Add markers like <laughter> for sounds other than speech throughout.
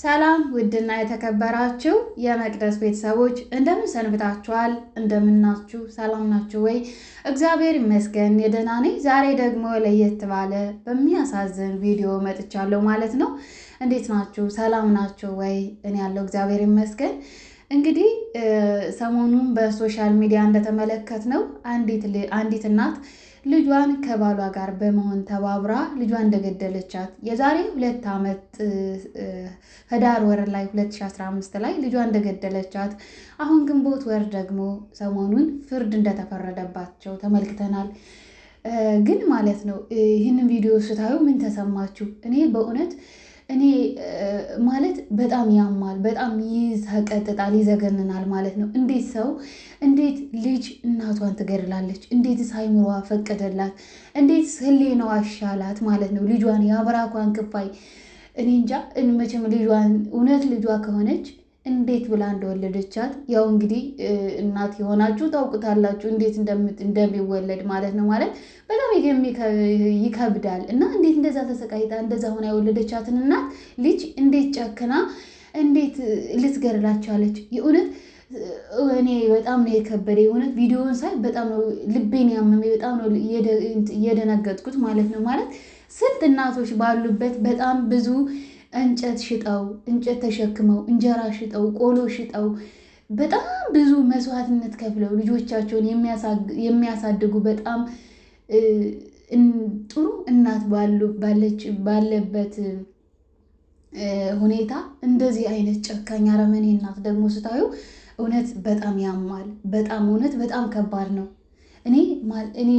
ሰላም ውድና የተከበራችሁ የመቅደስ ቤተሰቦች እንደምን ሰንብታችኋል? እንደምናችሁ ሰላም ናችሁ ወይ? እግዚአብሔር ይመስገን የደህና ነኝ። ዛሬ ደግሞ ለየት ባለ በሚያሳዝን ቪዲዮ መጥቻለሁ ማለት ነው። እንዴት ናችሁ? ሰላም ናችሁ ወይ? እኔ ያለው እግዚአብሔር ይመስገን። እንግዲህ ሰሞኑን በሶሻል ሚዲያ እንደተመለከት ነው አንዲት እናት ልጇን ከባሏ ጋር በመሆን ተባብራ ልጇን እንደገደለቻት የዛሬ ሁለት ዓመት ህዳር ወር ላይ 2015 ላይ ልጇን እንደገደለቻት አሁን ግንቦት ወር ደግሞ ሰሞኑን ፍርድ እንደተፈረደባቸው ተመልክተናል። ግን ማለት ነው ይህንን ቪዲዮ ስታዩ ምን ተሰማችሁ? እኔ በእውነት እኔ ማለት በጣም ያማል፣ በጣም ይሰቀጥጣል፣ ይዘገንናል ማለት ነው። እንዴት ሰው እንዴት ልጅ እናቷን ትገድላለች? እንዴትስ ሳይምሯ ፈቀደላት? እንዴትስ ነው አሻላት ማለት ነው። ልጇን የአብራኳን ክፋይ እኔ እንጃ መቼም ልጇን እውነት ልጇ ከሆነች እንዴት ብላ እንደወለደቻት ያው እንግዲህ እናት የሆናችሁ ታውቁታላችሁ፣ እንዴት እንደሚወለድ ማለት ነው። ማለት በጣም ይከብዳል። እና እንዴት እንደዛ ተሰቃይታ እንደዛ ሆና የወለደቻትን እናት ልጅ እንዴት ጨክና እንዴት ልትገድላቻለች? የእውነት እኔ በጣም ነው የከበደ የእውነት ቪዲዮውን ሳይ በጣም ነው ልቤን ያመመ፣ በጣም ነው የደነገጥኩት ማለት ነው። ማለት ስንት እናቶች ባሉበት በጣም ብዙ እንጨት ሽጠው እንጨት ተሸክመው እንጀራ ሽጠው ቆሎ ሽጠው በጣም ብዙ መስዋዕትነት ከፍለው ልጆቻቸውን የሚያሳድጉ በጣም ጥሩ እናት ባለበት ሁኔታ እንደዚህ አይነት ጨካኝ አረመኔ እናት ደግሞ ስታዩ እውነት በጣም ያማል። በጣም እውነት በጣም ከባድ ነው። እኔ እኔ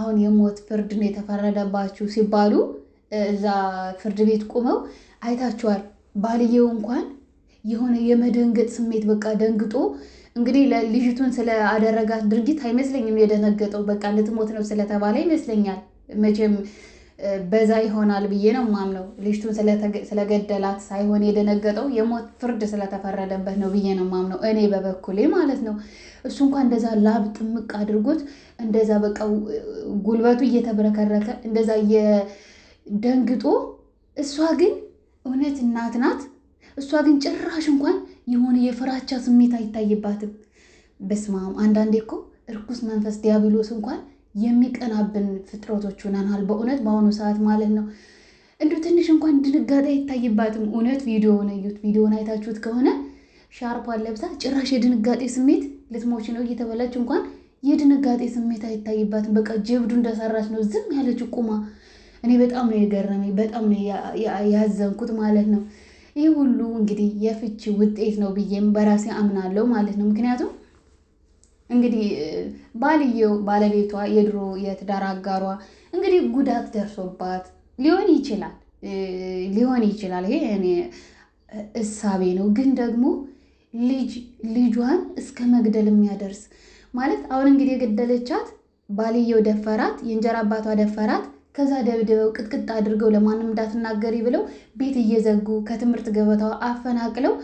አሁን የሞት ፍርድ ነው የተፈረደባችሁ ሲባሉ እዛ ፍርድ ቤት ቁመው አይታችኋል። ባልየው እንኳን የሆነ የመደንገጥ ስሜት በቃ ደንግጦ እንግዲህ ለልጅቱን ስለአደረጋት ድርጊት አይመስለኝም የደነገጠው። በቃ ልትሞት ነው ስለተባለ ይመስለኛል። መቼም በዛ ይሆናል ብዬ ነው ነው ልጅቱን ስለገደላት ሳይሆን የደነገጠው የሞት ፍርድ ስለተፈረደበት ነው ብዬ ነው ነው እኔ በበኩሌ ማለት ነው። እሱ እንኳን እንደዛ ላብ ጥምቅ አድርጎት እንደዛ በቃ ጉልበቱ እየተብረከረከ እንደዛ ደንግጦ እሷ ግን እውነት እናት ናት። እሷ ግን ጭራሽ እንኳን የሆነ የፍራቻ ስሜት አይታይባትም። በስማም አንዳንዴ እኮ እርኩስ መንፈስ ዲያብሎስ እንኳን የሚቀናብን ፍጥረቶች ሆነናል። በእውነት በአሁኑ ሰዓት ማለት ነው። እንዱ ትንሽ እንኳን ድንጋጤ አይታይባትም። እውነት ቪዲዮውን እዩት። ቪዲዮውን አይታችሁት ከሆነ ሻርፓን ለብሳ ጭራሽ የድንጋጤ ስሜት ልትሞች ነው እየተበላች እንኳን የድንጋጤ ስሜት አይታይባትም። በቃ ጀብዱ እንደሰራች ነው ዝም ያለች ቁማ እኔ በጣም ነው የገረመኝ፣ በጣም ነው ያዘንኩት ማለት ነው። ይህ ሁሉ እንግዲህ የፍቺ ውጤት ነው ብዬም በራሴ አምናለሁ ማለት ነው። ምክንያቱም እንግዲህ ባልየው ባለቤቷ የድሮ የትዳር አጋሯ እንግዲህ ጉዳት ደርሶባት ሊሆን ይችላል ሊሆን ይችላል። ይሄ እኔ እሳቤ ነው። ግን ደግሞ ልጅ ልጇን እስከ መግደል የሚያደርስ ማለት አሁን እንግዲህ የገደለቻት ባልየው ደፈራት፣ የእንጀራ አባቷ ደፈራት። ከዛ ደብድበው ቅጥቅጥ አድርገው ለማንም እንዳትናገሪ ብለው ቤት እየዘጉ ከትምህርት ገበታው አፈናቅለው፣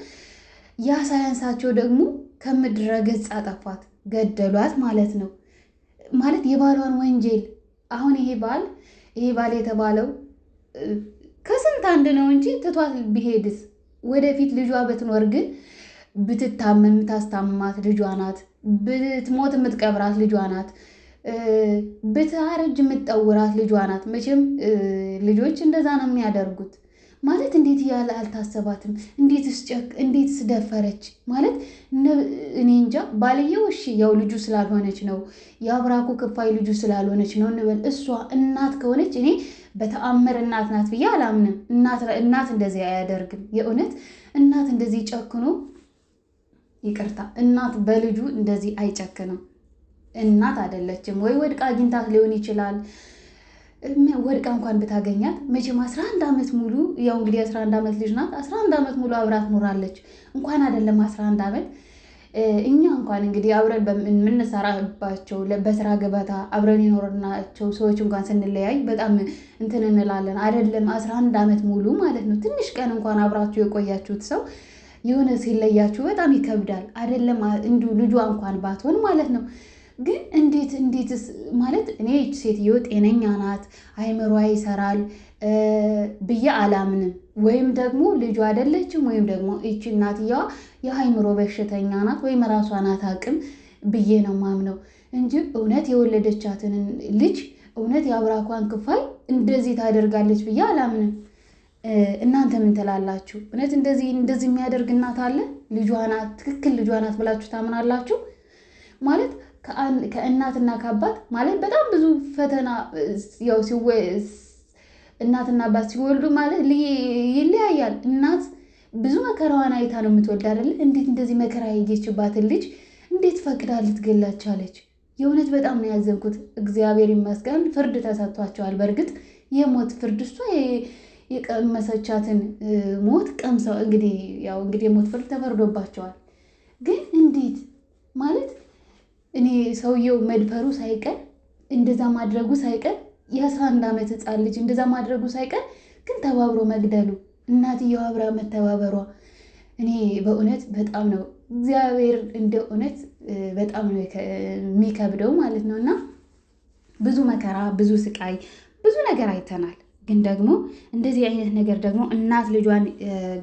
ያ ሳያንሳቸው ደግሞ ከምድረ ገጽ አጠፏት፣ ገደሏት ማለት ነው። ማለት የባሏን ወንጀል አሁን ይሄ ባል ይሄ ባል የተባለው ከስንት አንድ ነው እንጂ ትቷት ቢሄድስ ወደፊት ልጇ ብትኖር ግን ብትታመም የምታስታምማት ልጇ ናት። ብትሞት የምትቀብራት ልጇ ናት። ብታረጅ የምትጠውራት ልጇ ናት። መቼም ልጆች እንደዛ ነው የሚያደርጉት። ማለት እንዴት ያለ አልታሰባትም፣ እንዴት ስጨክ እንዴት ስደፈረች ማለት እኔ እንጃ። ባልየው እሺ ያው ልጁ ስላልሆነች ነው የአብራኩ ክፋይ ልጁ ስላልሆነች ነው እንበል። እሷ እናት ከሆነች እኔ በተአምር እናት ናት ብዬ አላምንም። እናት እንደዚህ አያደርግም። የእውነት እናት እንደዚህ ጨክኖ ይቅርታ፣ እናት በልጁ እንደዚህ አይጨክንም። እናት አይደለችም። ወይ ወድቃ አግኝታት ሊሆን ይችላል። ወድቃ እንኳን ብታገኛት መቼም 11 ዓመት ሙሉ ያው እንግዲህ 11 ዓመት ልጅ ናት። 11 ዓመት ሙሉ አብራት ኖራለች። እንኳን አይደለም 11 ዓመት እኛ እንኳን እንግዲህ አብረን የምንሰራባቸው በስራ ገበታ አብረን የኖርናቸው ሰዎች እንኳን ስንለያይ በጣም እንትን እንላለን። አይደለም 11 ዓመት ሙሉ ማለት ነው። ትንሽ ቀን እንኳን አብራችሁ የቆያችሁት ሰው የሆነ ሲለያችሁ በጣም ይከብዳል። አይደለም እንዲሁ ልጇ እንኳን ባትሆን ማለት ነው ግን እንዴት እንዴትስ ማለት እኔ ሴትዮ ጤነኛ ናት፣ አይምሯ ይሰራል ብዬ አላምንም። ወይም ደግሞ ልጁ አይደለችም፣ ወይም ደግሞ ይች እናትየዋ የአይምሮ በሽተኛ ናት፣ ወይም ራሷ ናት አቅም ብዬ ነው ማምነው እንጂ እውነት የወለደቻትን ልጅ እውነት የአብራኳን ክፋይ እንደዚህ ታደርጋለች ብዬ አላምንም። እናንተ ምን ትላላችሁ? እውነት እንደዚህ እንደዚህ የሚያደርግ እናት አለ? ልጇ ናት ትክክል ልጇ ናት ብላችሁ ታምናላችሁ? ማለት ከእናትና ከአባት ማለት በጣም ብዙ ፈተና ያው እናትና አባት ሲወልዱ ማለት ይለያያል። እናት ብዙ መከራዋን አይታ ነው የምትወልድ አይደለ? እንዴት እንደዚህ መከራ ያየችባትን ልጅ እንዴት ፈቅዳ ልትገላት አለች? የእውነት በጣም ነው ያዘንኩት። እግዚአብሔር ይመስገን ፍርድ ተሰጥቷቸዋል። በእርግጥ የሞት ፍርድ እሷ የቀመሰቻትን ሞት ቀምሰው እንግዲህ ያው እንግዲህ የሞት ፍርድ ተፈርዶባቸዋል። ግን እንዴት ማለት እኔ ሰውየው መድፈሩ ሳይቀር እንደዛ ማድረጉ ሳይቀር የአስራ አንድ ዓመት ህፃን ልጅ እንደዛ ማድረጉ ሳይቀር ግን ተባብሮ መግደሉ እናትየው አብራ መተባበሯ እኔ በእውነት በጣም ነው እግዚአብሔር እንደ እውነት በጣም ነው የሚከብደው ማለት ነው። እና ብዙ መከራ፣ ብዙ ስቃይ፣ ብዙ ነገር አይተናል። ግን ደግሞ እንደዚህ አይነት ነገር ደግሞ እናት ልጇን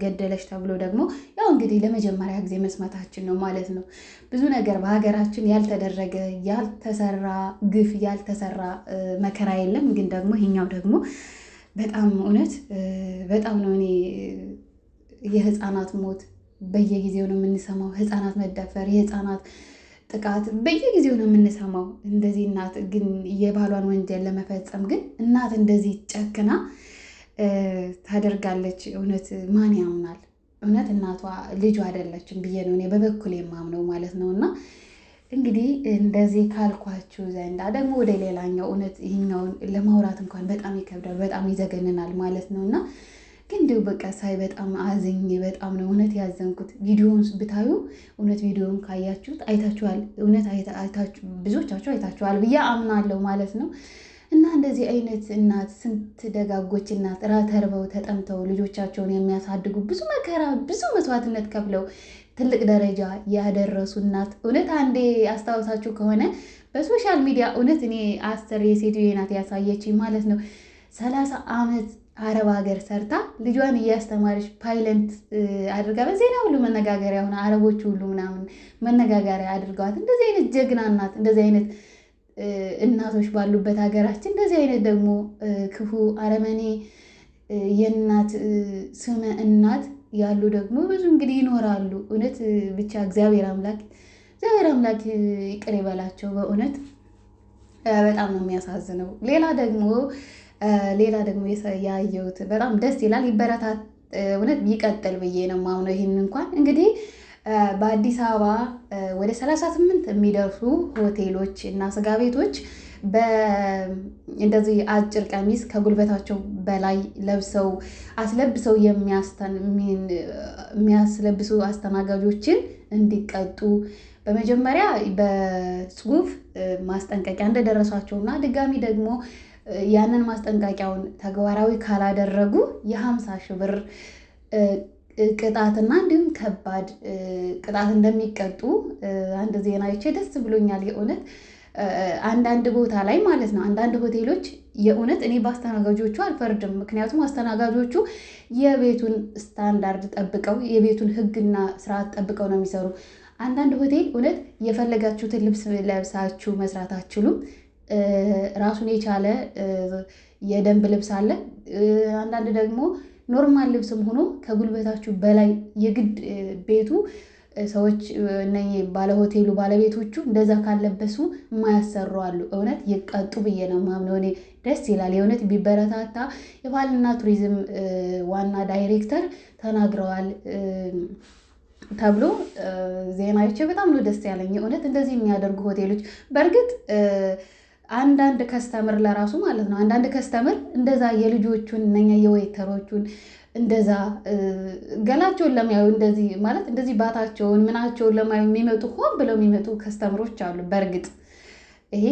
ገደለች ተብሎ ደግሞ ያው እንግዲህ ለመጀመሪያ ጊዜ መስማታችን ነው ማለት ነው። ብዙ ነገር በሀገራችን ያልተደረገ ያልተሰራ ግፍ ያልተሰራ መከራ የለም። ግን ደግሞ ይሄኛው ደግሞ በጣም እውነት በጣም ነው እኔ የህፃናት ሞት በየጊዜው ነው የምንሰማው። ህፃናት መደፈር፣ የህፃናት ጥቃት በየጊዜው ነው የምንሰማው። እንደዚህ እናት ግን የባሏን ወንጀል ለመፈጸም ግን እናት እንደዚህ ጨክና ታደርጋለች። እውነት ማን ያምናል? እውነት እናቷ ልጁ አይደለችም ብዬ ነው እኔ በበኩል የማምነው ማለት ነው። እና እንግዲህ እንደዚህ ካልኳችሁ ዘንዳ ደግሞ ወደ ሌላኛው እውነት ይህኛውን ለማውራት እንኳን በጣም ይከብዳል፣ በጣም ይዘገንናል ማለት ነው እና ግን እንዲሁ በቃ ሳይ በጣም አዝኜ በጣም ነው እውነት ያዘንኩት። ቪዲዮውን ብታዩ እውነት ቪዲዮውን ካያችሁት አይታችኋል፣ እውነት ብዙዎቻችሁ አይታችኋል ብዬ አምናለሁ ማለት ነው። እና እንደዚህ አይነት እናት ስንት ደጋጎች እናት ተርበው ተጠምተው ልጆቻቸውን የሚያሳድጉ ብዙ መከራ ብዙ መስዋዕትነት ከፍለው ትልቅ ደረጃ ያደረሱ እናት እውነት አንዴ አስታውሳችሁ ከሆነ በሶሻል ሚዲያ እውነት እኔ አስር የሴትዮ ናት ያሳየች ማለት ነው። ሰላሳ ዓመት አረብ ሀገር ሰርታ ልጇን እያስተማረች ፓይለንት አድርጋ በዜና ሁሉ መነጋገሪያ ሆነ አረቦች ሁሉ ምናምን መነጋገሪያ አድርገዋት። እንደዚህ አይነት ጀግና እናት እንደዚህ አይነት እናቶች ባሉበት ሀገራችን እንደዚህ አይነት ደግሞ ክፉ አረመኔ የእናት ስመ እናት ያሉ ደግሞ ብዙ እንግዲህ ይኖራሉ። እውነት ብቻ እግዚአብሔር አምላክ እግዚአብሔር አምላክ ይቅር ይበላቸው በእውነት በጣም ነው የሚያሳዝነው። ሌላ ደግሞ ሌላ ደግሞ ያየሁት በጣም ደስ ይላል። ይበረታት እውነት ቢቀጥል ብዬ ነው ማምነው። ይህን እንኳን እንግዲህ በአዲስ አበባ ወደ 38 የሚደርሱ ሆቴሎች እና ስጋ ቤቶች እንደዚህ አጭር ቀሚስ ከጉልበታቸው በላይ ለብሰው አስለብሰው የሚያስለብሱ አስተናጋጆችን እንዲቀጡ በመጀመሪያ በጽሁፍ ማስጠንቀቂያ እንደደረሷቸው እና ድጋሚ ደግሞ ያንን ማስጠንቀቂያውን ተግባራዊ ካላደረጉ የሀምሳ ሺህ ብር ቅጣትና እንዲሁም ከባድ ቅጣት እንደሚቀጡ አንድ ዜና ይቼ ደስ ብሎኛል። የእውነት አንዳንድ ቦታ ላይ ማለት ነው አንዳንድ ሆቴሎች የእውነት እኔ በአስተናጋጆቹ አልፈርድም። ምክንያቱም አስተናጋጆቹ የቤቱን ስታንዳርድ ጠብቀው የቤቱን ሕግና ስርዓት ጠብቀው ነው የሚሰሩ። አንዳንድ ሆቴል እውነት የፈለጋችሁትን ልብስ ለብሳችሁ መስራት አትችሉም። ራሱን የቻለ የደንብ ልብስ አለ። አንዳንድ ደግሞ ኖርማል ልብስም ሆኖ ከጉልበታችሁ በላይ የግድ ቤቱ ሰዎች እነ ባለሆቴሉ ባለቤቶቹ እንደዛ ካለበሱ የማያሰሩ አሉ። እውነት ይቀጡ ብዬ ነው የማምነው እኔ። ደስ ይላል የእውነት ቢበረታታ። የባህልና ቱሪዝም ዋና ዳይሬክተር ተናግረዋል ተብሎ ዜናዎች በጣም ነው ደስ ያለኝ። እውነት እንደዚህ የሚያደርጉ ሆቴሎች በእርግጥ አንዳንድ ከስተምር ለራሱ ማለት ነው። አንዳንድ ከስተምር እንደዛ የልጆቹን እነኛ የወይተሮቹን እንደዛ ገላቸውን ለማየው እንደዚህ ማለት እንደዚህ ባታቸውን ምናቸውን ለማየው የሚመጡ ሆን ብለው የሚመጡ ከስተምሮች አሉ። በእርግጥ ይሄ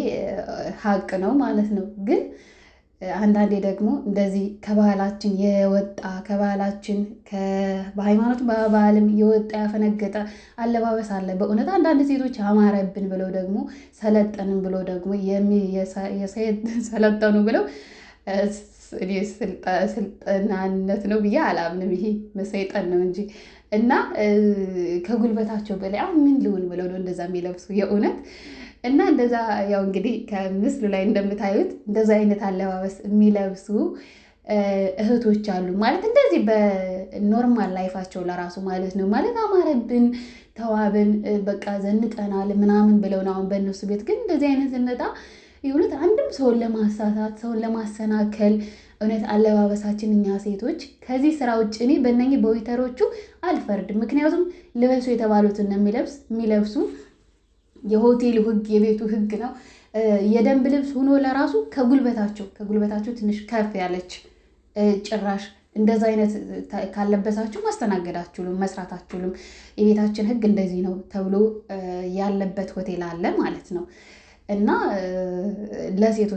ሀቅ ነው ማለት ነው ግን አንዳንዴ ደግሞ እንደዚህ ከባህላችን የወጣ ከባህላችን በሃይማኖት በባህልም የወጣ ያፈነገጠ አለባበስ አለ። በእውነት አንዳንድ ሴቶች አማረብን ብለው ደግሞ ሰለጠንን ብለው ደግሞ <laughs> ሰለጠኑ ብለው ስልጠናነት ነው ብዬ አላምንም። ይሄ መሰይጠን ነው እንጂ እና ከጉልበታቸው በላይ አሁን ምን ልሆን ብለው ነው እንደዛ የሚለብሱ የእውነት እና እንደዛ ያው እንግዲህ ከምስሉ ላይ እንደምታዩት እንደዛ አይነት አለባበስ የሚለብሱ እህቶች አሉ ማለት እንደዚህ በኖርማል ላይፋቸው ለራሱ ማለት ነው ማለት አማረብን፣ ተዋብን፣ በቃ ዘንጠናል ምናምን ብለው ነው። አሁን በእነሱ ቤት ግን እንደዚህ አይነት ዝነጣ የእውነት አንድም ሰውን ለማሳሳት ሰውን ለማሰናከል እውነት አለባበሳችን እኛ ሴቶች ከዚህ ስራ ውጭ እኔ በእነኚህ በዊተሮቹ አልፈርድ። ምክንያቱም ልበሱ የተባሉትን ነው የሚለብስ የሚለብሱ የሆቴሉ ህግ የቤቱ ህግ ነው። የደንብ ልብስ ሆኖ ለራሱ ከጉልበታቸው ከጉልበታቸው ትንሽ ከፍ ያለች ጭራሽ እንደዛ አይነት ካለበሳችሁ ማስተናገድ አትችሉም፣ መስራት የቤታችን ህግ እንደዚህ ነው ተብሎ ያለበት ሆቴል አለ ማለት ነው። እና ለሴት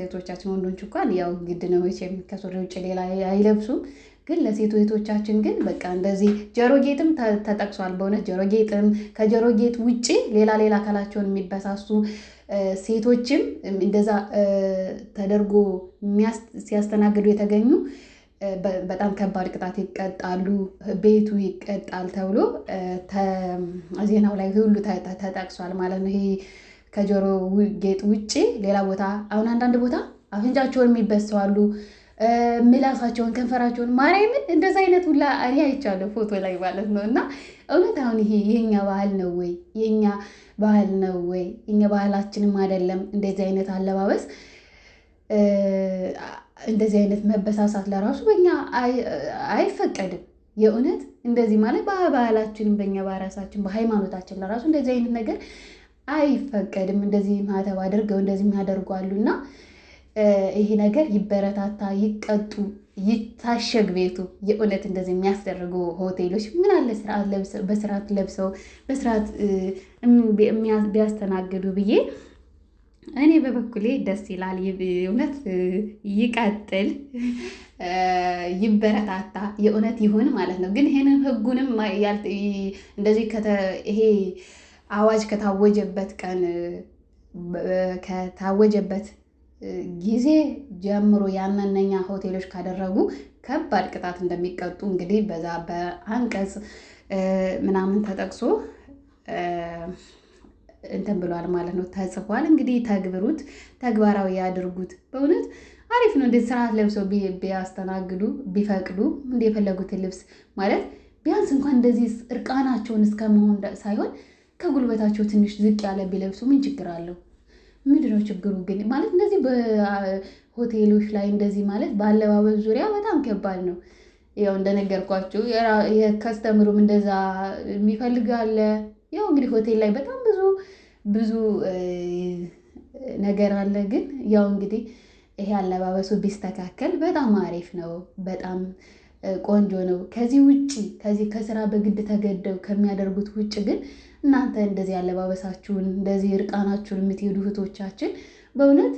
እህቶቻችን ወንዶች እንኳን ያው ግድ ነው መቼም ከሱሪ ውጭ ሌላ አይለብሱም። ግን ለሴት እህቶቻችን ግን በቃ እንደዚህ ጆሮ ጌጥም ተጠቅሷል። በእውነት ጆሮ ጌጥም ከጆሮ ጌጥ ውጭ ሌላ ሌላ አካላቸውን የሚበሳሱ ሴቶችም እንደዛ ተደርጎ ሲያስተናግዱ የተገኙ በጣም ከባድ ቅጣት ይቀጣሉ፣ ቤቱ ይቀጣል ተብሎ ዜናው ላይ ሁሉ ተጠቅሷል ማለት ነው ይሄ ከጆሮ ጌጥ ውጭ ሌላ ቦታ አሁን አንዳንድ ቦታ አፍንጫቸውን የሚበሰው ምላሳቸውን፣ ከንፈራቸውን ማርያምን እንደዚ አይነት ሁላ እኔ አይቻለሁ ፎቶ ላይ ማለት ነው። እና እውነት አሁን ይሄ የኛ ባህል ነው ወይ የኛ ባህል ነው ወይ? እኛ ባህላችንም አይደለም እንደዚህ አይነት አለባበስ እንደዚህ አይነት መበሳሳት ለራሱ በኛ አይፈቀድም። የእውነት እንደዚህ ማለት በባህላችንም በኛ በራሳችን በሃይማኖታችን ለራሱ እንደዚህ አይነት ነገር አይፈቀድም፣ እንደዚህ ማተብ አድርገው እንደዚህ የሚያደርጉ አሉና ይሄ ነገር ይበረታታ፣ ይቀጡ፣ ይታሸግ ቤቱ። የእውነት እንደዚህ የሚያስደርጉ ሆቴሎች ምን አለ ስርዓት በስርዓት ለብሰው በስርዓት ቢያስተናግዱ ብዬ እኔ በበኩሌ ደስ ይላል። እውነት ይቀጥል፣ ይበረታታ፣ የእውነት ይሁን ማለት ነው። ግን ይሄንን ህጉንም እንደዚህ ይሄ አዋጅ ከታወጀበት ቀን ከታወጀበት ጊዜ ጀምሮ ያነነኛ ሆቴሎች ካደረጉ ከባድ ቅጣት እንደሚቀጡ እንግዲህ በዛ በአንቀጽ ምናምን ተጠቅሶ እንትን ብሏል ማለት ነው፣ ተጽፏል። እንግዲህ ተግብሩት፣ ተግባራዊ ያድርጉት። በእውነት አሪፍ ነው። እንዴት ስርዓት ለብሰው ቢያስተናግዱ ቢፈቅዱ፣ እንደ የፈለጉትን ልብስ ማለት ቢያንስ እንኳን እንደዚህ እርቃናቸውን እስከመሆን ሳይሆን ከጉልበታቸው ትንሽ ዝቅ ያለ ቢለብሱ ምን ችግር አለው? ምንድነው ችግሩ? ግን ማለት እንደዚህ በሆቴሎች ላይ እንደዚህ ማለት በአለባበስ ዙሪያ በጣም ከባድ ነው። ያው እንደነገርኳችሁ የከስተምሩም እንደዛ የሚፈልጋለ። ያው እንግዲህ ሆቴል ላይ በጣም ብዙ ብዙ ነገር አለ። ግን ያው እንግዲህ ይሄ አለባበሱ ቢስተካከል በጣም አሪፍ ነው፣ በጣም ቆንጆ ነው። ከዚህ ውጪ ከዚህ ከስራ በግድ ተገደው ከሚያደርጉት ውጭ ግን እናንተ እንደዚህ አለባበሳችሁን እንደዚህ እርቃናችሁን የምትሄዱ እህቶቻችን በእውነት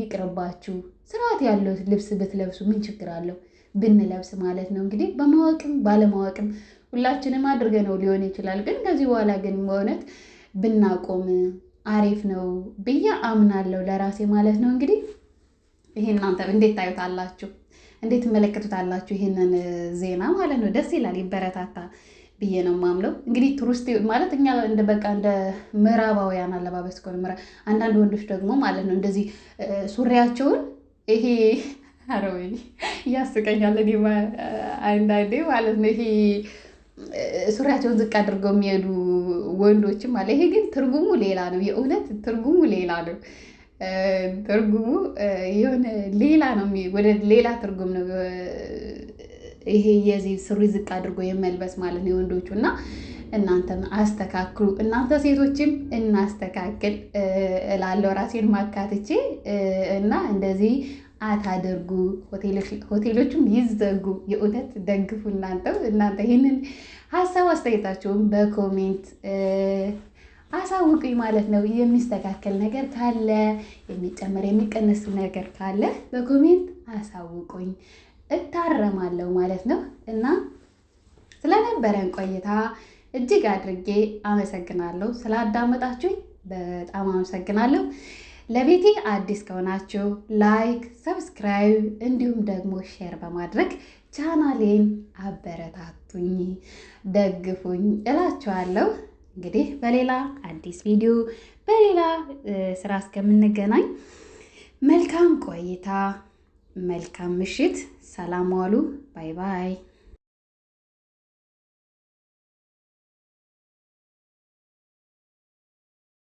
ይቅርባችሁ። ስርዓት ያለው ልብስ ብትለብሱ ምን ችግር አለው? ብንለብስ ማለት ነው እንግዲህ በማወቅም ባለማወቅም ሁላችንም አድርገ ነው ሊሆን ይችላል። ግን ከዚህ በኋላ ግን በእውነት ብናቆም አሪፍ ነው ብዬ አምናለሁ ለራሴ ማለት ነው። እንግዲህ ይሄ እናንተ እንዴት ታዩታላችሁ? እንዴት ትመለከቱታላችሁ? ይሄንን ዜና ማለት ነው። ደስ ይላል፣ ይበረታታ ብዬ ነው ማምለው እንግዲህ ቱሪስት ማለት እኛ እንደ በቃ እንደ ምዕራባውያን አለባበስ ከሆነ አንዳንድ ወንዶች ደግሞ ማለት ነው እንደዚህ ሱሪያቸውን ይሄ <laughs> ኧረ ወይኔ እያስቀኛል አንዳንዴ ማለት ነው ይሄ ሱሪያቸውን ዝቅ አድርገው የሚሄዱ ወንዶችም አለ። ይሄ ግን ትርጉሙ ሌላ ነው። የእውነት ትርጉሙ ሌላ ነው። ትርጉሙ የሆነ ሌላ ነው፣ ወደ ሌላ ትርጉም ነው ይሄ የዚህ ሱሪ ዝቅ አድርጎ የመልበስ ማለት ነው የወንዶቹ እና እናንተም አስተካክሉ፣ እናንተ ሴቶችም እናስተካክል እላለሁ ራሴን ማካትቼ እና እንደዚህ አታደርጉ። ሆቴሎችም ይዘጉ። የእውነት ደግፉ። እናንተው እናንተ ይህንን ሀሳብ አስተያየታችሁም በኮሜንት አሳውቁኝ ማለት ነው። የሚስተካከል ነገር ካለ የሚጨመር የሚቀነስ ነገር ካለ በኮሜንት አሳውቁኝ። እታረማለሁ ማለት ነው። እና ስለነበረን ቆይታ እጅግ አድርጌ አመሰግናለሁ። ስላዳመጣችሁኝ በጣም አመሰግናለሁ። ለቤቴ አዲስ ከሆናችሁ ላይክ፣ ሰብስክራይብ እንዲሁም ደግሞ ሼር በማድረግ ቻናሌን አበረታቱኝ፣ ደግፉኝ እላችኋለሁ። እንግዲህ በሌላ አዲስ ቪዲዮ በሌላ ስራ እስከምንገናኝ መልካም ቆይታ መልካም ምሽት፣ ሰላም ዋሉ። ባይ ባይ።